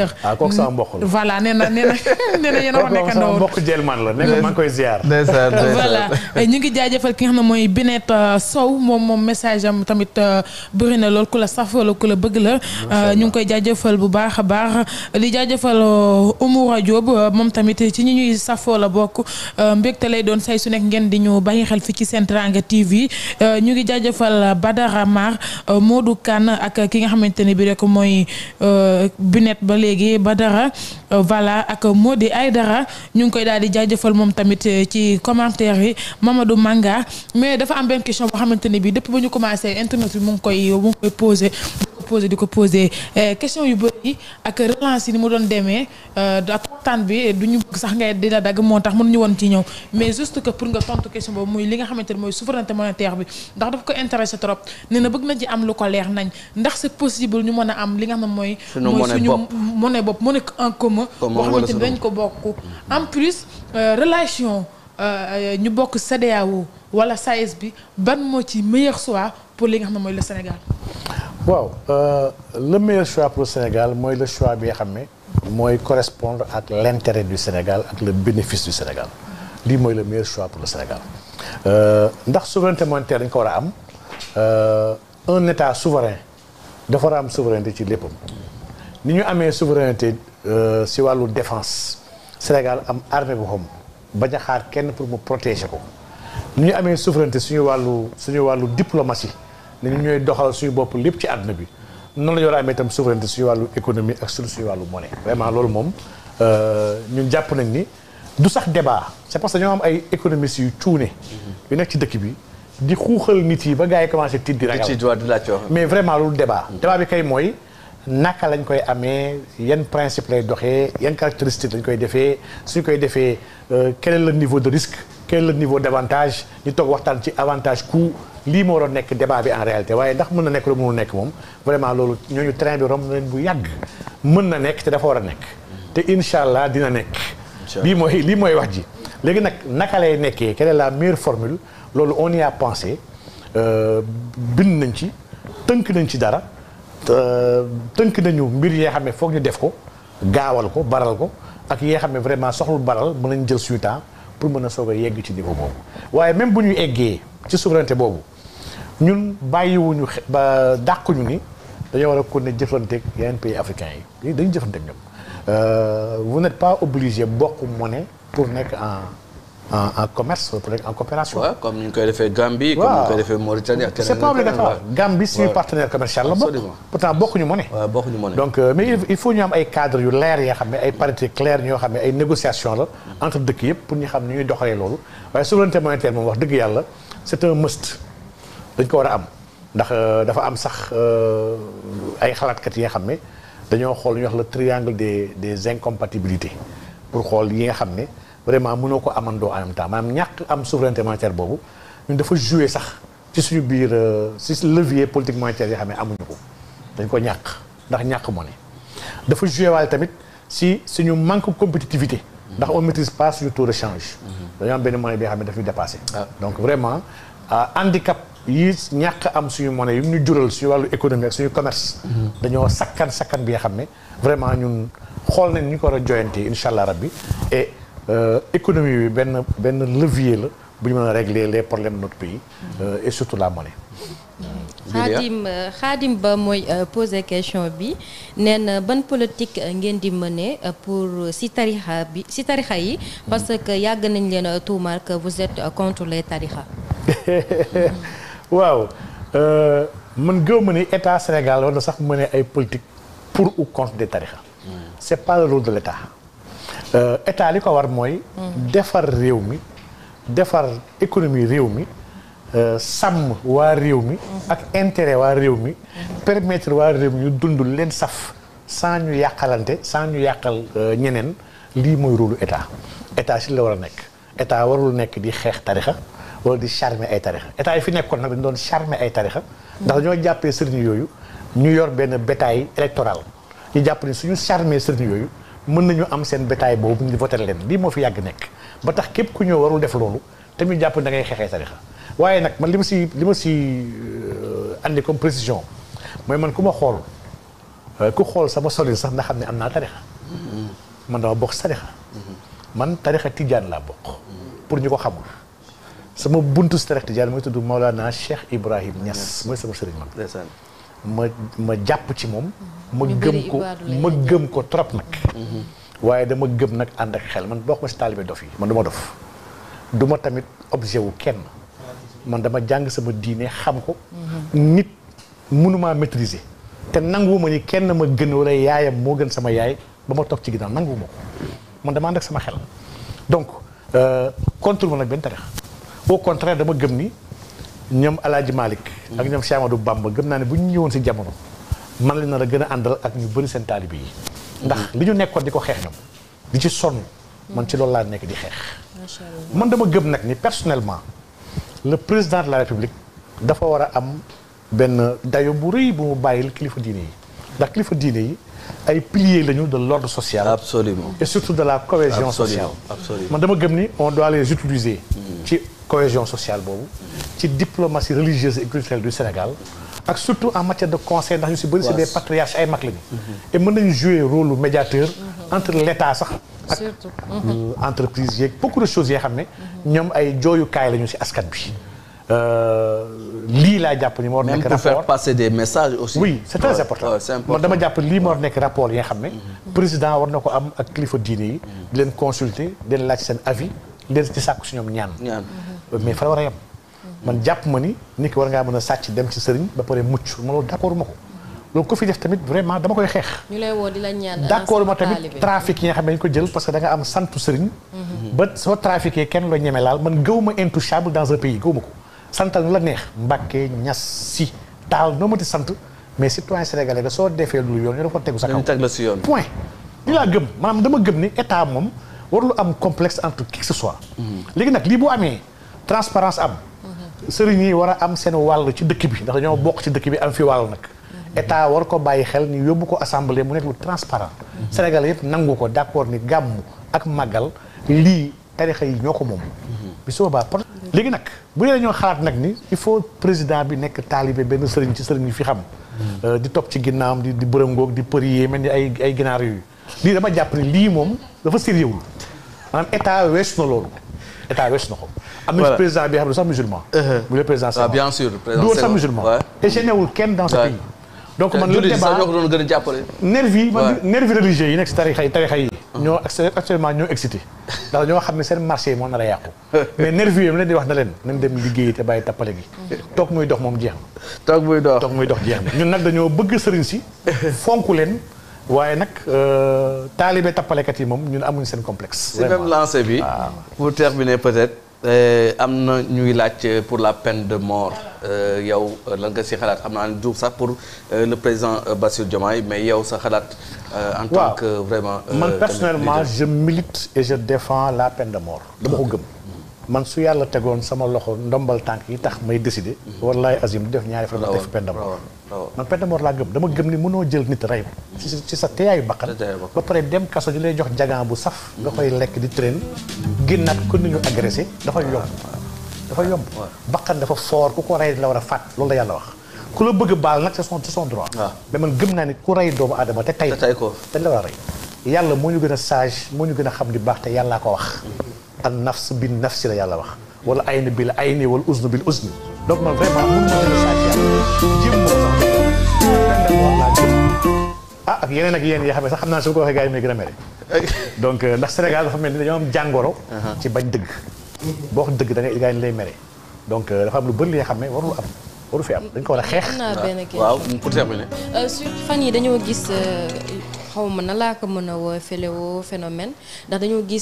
ah kooku sama mbokk la voilà nee na nee na nee na ma ndaw mbokk Jelman eh, ñu ngi jaajëfal ki nga xam ne mooy Binet euh, Sow moom moom message am tamit euh, bëri na lool ku la saf wala ku la bëgg la. Euh, ñu ngi koy jaajëfal bu baax a baax li jaajëfal Oumou Diop moom tamit ci ñu ñuy safoo la bokk mbégte lay doon say su nekk ngeen di ñu bàyyi xel fii ci Sen Teranga TV ñu ngi jaajëfal Badara Mar Modou Kane ak ki nga xamante ne bi rek mooy Binet ba. léegi ba Badara euh, voilà ak ay dara ñu ngi koy daal di jaajëfal moom tamit euh, ci commentaire yi Mamadou Manga mais dafa am benn question boo xamante ne bii depuis ba ñu commencé internet bi mu ngi koy mu ngi koy posé di ko posé euh, question yu bëri ak relance yi ni mu doon demee ak waxtaan bi du ñu bëgg sax ngay dina dagg moo tax mënuñu woon ci ñëw mais juste que pour nga tontu question boobu muy li nga xamante ne mooy souveraineté monétaire bi ndax dafa ko intéressé trop nee na bëgg na ci am lu ko leex nañ ndax c'est possible ñu mën a am li nga xam mooy monnaie bopp monnaie en commun. boo xamante ni dañ ko bokk. en plus euh, relation euh, ñu bokk CEDEAO wala SAES bi ban moo ci meilleur choix pour li nga xam ne mooy le Sénégal. waaw euh, le meilleur choix pour le Sénégal mooy le choix bi nga xam ne. mooy correspondre ak l' intérêt du Sénégal ak le bénéfice du Sénégal. lii mooy le meilleur choix pour le Sénégal. ndax souveraineté monétaire dañ ko war a am un état souverain dafa war a am souveraineté ci léppam. ni ñu amee souveraineté euh, si wàllu défense Sénégal am armée bu xam bañ a xaar kenn pour mu protéger ko ni ñu amee souveraineté suñu wàllu suñu wàllu diplomatie ne ñu ñooy doxal suñu bopp lépp ci àdduna bi noonu la ñu war a amee itam souveraineté suñu wàllu économie ak suñu wàllu monnaie. vraiment loolu moom euh, ñun jàpp nañ ni du sax débat c'est parce que ñoo am ay économistes yu cuune yu nekk ci dëkk bi di xuuxal nit yi ba gars yi commencé tiit di ragal mais vraiment loolu débat mm. débat bi kay mooy. naka lañ koy amee yan principe lay doxee yan caractéristique lañ koy defee suñ koy defee euh, quel est le niveau de risque quel est niveau d' avantage ñu toog waxtaan ci avantage coût lii moo doon nekk débat bi en réalité waaye ndax mën na nekk lu mënul nekk moom vraiment loolu ñooñu train bi romb na leen bu yàgg mën na nekk te dafa war a nekk te incha allah dina nekk lii mooy lii mooy wax ji léegi nag naka lay nekkee quelle la meilleure formule loolu on y a pensé euh, bind nañ ci tënk nañ ci dara Euh, tënk nañu mbir yee xam ne foog ñu def ko gaawal ko baral ko ak yee xam ne vraiment soxlul baral mën nañ jël suñu temps pour mën a soog a yegg ci niveau boobu waaye même bu ñuy eggee ci souveraineté boobu ñun bàyyiwuñu xe ba dàquñu ni dañoo war a kon ne jëflanteeg yeneen pays africains yi dañu jëflanteeg ñoom euh, vous n'êtes pas obligé bokk monnaie pour nekk en en commerce peut-être en coopération. waaw comme ni ñu koy defee Gambie. comme ni ñu koy defee Mauritanie ak keneen c'est pas obligatoire Gambie suñu partenaire commercial la bokk. pourtant bokkuñu monnaie. waaw bokkuñu monnaie. donc euh, mais il faut ñu am ay cadres yu leer yoo xam ne ay parité claire ñoo xam ne ay négociation la entre dëkk yëpp pour ñu xam ni ñuy doxalee loolu waaye souveraineté monétaire moom wax dëgg yàlla c'est un must dañ ko war a am ndax euh, dafa am sax euh, ay xalaatkat yi nga xam ne dañoo xool ñu wax le triangle des des incompatibilités pour xool yi nga xam ne. vraiment mënoo ko amandoo am même temps ñàkk am souveraineté monétaire boobu ñun dafa jouer sax ci suñu biir si euh, levier politique monétaire yoo xam ne amuñu ko dañ ko ñàkk ndax ñàkk moo ne dafa jouer waale tamit si suñu manque compétitivité ndax on maîtrise pas suñu tour de change dañoo am benn monnaie bi nga xam ne dafay dépassé ah. donc vraiment handicap yi ñàkk am suñu monnaie yu ñu jural suñu wàllu économie ak suñu commerce dañoo sakkan sakkan bi nga xam ne vraiment ñun xool nañ ñu ko war a joyante incha allah rabbi Euh, économie bi benn benn levier la bu ñu mën a régler les problèmes de notre pays euh, et surtout la monnaie. Xaadim euh, Xaadim Ba mooy poser question bi nee na ban politique ngeen di mëne pour si tarixa bi si tarixa yi parce que yàgg nañ leen tuumaal que vous êtes contre les tarixa waaw mën gëw ma ni état Sénégal wala sax mëne ay politique pour ou contre des tarixa c'est pas le rôle de l'état Euh, état li ko war mooy. defar réew mi defar économie réew mi euh, sàmm waa réew mi. ak intérêt waa réew mi. permettre waa réew mi ñu dund leen saf sans ñu yàqalante sans ñu yàqal euh, ñeneen lii mooy rôle état état si la war a nekk état warul nekk di xeex tarixa wala di charmer ay tarixa état yi fi nekkoon nag dañu doon charmer ay tarixa ndax ñoo jàppee sëriñ yooyu ñu yor benn bétail électoral ñu jàpp ne suñu charmer sëriñ yooyu. mën nañu am seen bétail boobu ñu voté leen lii moo fi yàgg nekk ba tax képp ku ñëw warul def loolu te jàpp da ngay xeexee tarixa waaye nag man li ma si li ma si àndi euh, comme précision mooy man ku ma xool euh, ku xool sama solil sax nga xam ne am naa tarixa man dama bokk tarixa man tarixa tijaan laa bokk pour ñu ko xamul sama buntu tarixa tijaan mooy tudd Maolana Cheikh Ibrahim Niass mooy sama sëriñ man ma ma jàpp ci moom. ma gëm ko ma gëm ko trop nag. Mhm. waaye dama gëm nag ànd ak xel man bokk ma si taalibe dof yi man du ma dof du ma tamit objet wu kenn man dama jàng sama diine xam ko. Mhm. nit mënumaa maîtriser. te nanguwuma ni kenn ma gën walla yaayam moo gën sama yaay ba ma toog ci ginnaaw nanguwuma ko man dama ànd ak sama xel donc euh, contre ma nag benn tarix au contraire dama gëm ni ñoom Alaaji Malick ak ñoom Cheikh Amadou Bamba gëm naa ne bu ñu ñëwoon si jamono man leen na la gën a àndal ak ñu bëri seen taalibe yi ndax mm-hmm. li ñu nekkoon di ko xeex ñoom di ci sonn mm-hmm. man ci loolu laa nekk di xeex man dama gëm nag ni personnellement le président de la république dafa war a am benn dayo bu rëy bu mu bàyyil kilifa diine yi ndax kilifa diine yi ay piliers lañu de l'ordre social. absolument et surtout de la cohésion sociale. absolument man dama gëm ni on doit les utiliser. Mm-hmm. ci cohésion sociale boobu. ci diplomatie religieuse et culturelle du Sénégal ak surtout en matière de conseil ndax ñu si bëri c'est des patriarches ay mag lañu mm-hmm. et mën nañu jouer rôle lu médiateur mm-hmm. entre l'État sax ak mm-hmm. euh, entreprise yeeg beaucoup de choses yoo xam ne ñoom ay jooyukaay lañu si askan bi euh, lii laa jàpp ni moo nekk rapport même des messages aussi. oui c'est très important man dama jàpp nekk rapport yi nga xam ne. président war na ko am ak kilifa diine yi. leen consulter di leen laaj seen avis di leen ci sàkku si ñoom ñaan. Euh, mais fa la war a yem. man jàpp ma ni nit ki war ngaa mën a sàcc dem ci sëriñ ba pare mucc ma loolu d' accord ma ko. loolu ko fi def tamit vraiment dama koy xeex. ñu lay woo di tamit trafic yi nga xam ko jël parce que da am santu sëriñ. Mhm. ba soo trafiqué kenn la ñeme laal man gëw ma dans un pays gëw ko. santal nu la neex Mbàkke ñas si taal noo ma sant mais citoyen sénégalais nga soo defee lu yoon ñu dafa tegu sa kaw. si yoon point. li laa gëm maanaam dama gëm ni état moom warul am complexe entre qui que ce soit. Mhm. sëriñ yi war a am seen wàll ci dëkk bi ndax dañoo bokk ci dëkk bi am fi wàll nag état war ko bàyyi xel ñu yóbbu ko assemblée mu nekk lu transparent Sénégal yëpp nangu ko d' accord ni gàmm ak màggal lii tarixa yi ñoo ko moom bi su boobaa léegi nag bu dee dañoo xalaat nag ni il faut président bi nekk taalibe benn sëriñ ci sëriñ yi fi xam euh, di topp ci ginnaawam di di bërëngoog di përie mel ni ay ay ginaar yooyu lii dama jàpp ni lii moom dafa sérieux maanaam état weesu na ko. am na président bi xam ne sax musulman. mu uh-huh. le président ah, Senghor bien sûr président Senghor du woon sax musulman. te génnewul kenn dans ce pays. donc man le débat te doon gën a jàppale. nervi man nervi religieux yi nekk si tarixa yi tarixa yi. Uh-huh. ñoo actuellement ñoo excité ndax ñoo xam ne seen marché yi moo nar a yàqu mais nerveux yi mu leen di wax na leen nañ dem liggéeyi te bàyyi tappale gi uh-huh. toog muy dox moom jeex na toog muy dox toog muy dox jeex na ñun nag dañoo bëgg sëriñ si fonk leen waaye nag euh, taalibe tappalekat yi moom ñun amuñ seen complexe. vraiment si même lancé bi. Ah, pour terminer peut-être. Euh, am na ñuy laaj euh, pour la peine de mort yow lan nga si xalaat xam naa ne Diouf sax pour le président Bassirou Diomaye mais yow sa xalaat. en tant que vraiment. man personnellement je milite et je défends la peine de mort. dama ko gëm. man su yàlla tegoon sama loxo ndombal tànk yi tax may décider. Mhm. wallaay azim def ñaari fan. rawoon rawoon pendamor man pendamor laa gëm dama gëm ni mënoo jël nit rey ko. Mhm. sa ci sa teeyaayu bakkan. ba pare dem kaso di lay jox jagaan bu saf. Mhm. nga koy lekk di train génnaat ko ni ñu agressé dafa yomb. dafa yomb bakkan dafa foor ku ko rey la war a fàtt loolu la yàlla wax. ku la bëgg baal nag c'est son c'est son droit. mais man gëm naa ni ku rey doomu aadama te tey. te tey ko te la war a rey. yàlla moo ñu gën a sage moo ñu gën a xam di baax te yàllaa ko wax. an nafs bin nafsi la yàlla wax wala ayni bil ayni wala bil usni donc man vraiment a saa yàlla ah ak yeneen ak yeneen yoo xam ne xam naa su ma ko waxee yi may gën a mere donc euh, ndax Sénégal dafa mel ni dañoo am jàngoro uh-huh. ci bañ dëgg boo dëgg da ngay gars yi lay euh, lu bëri li xam ne warul am warul fi am dañ ko war a xeex waaw euh, fan yi dañoo gis xaw ma na laa ko mën a woo ndax dañoo gis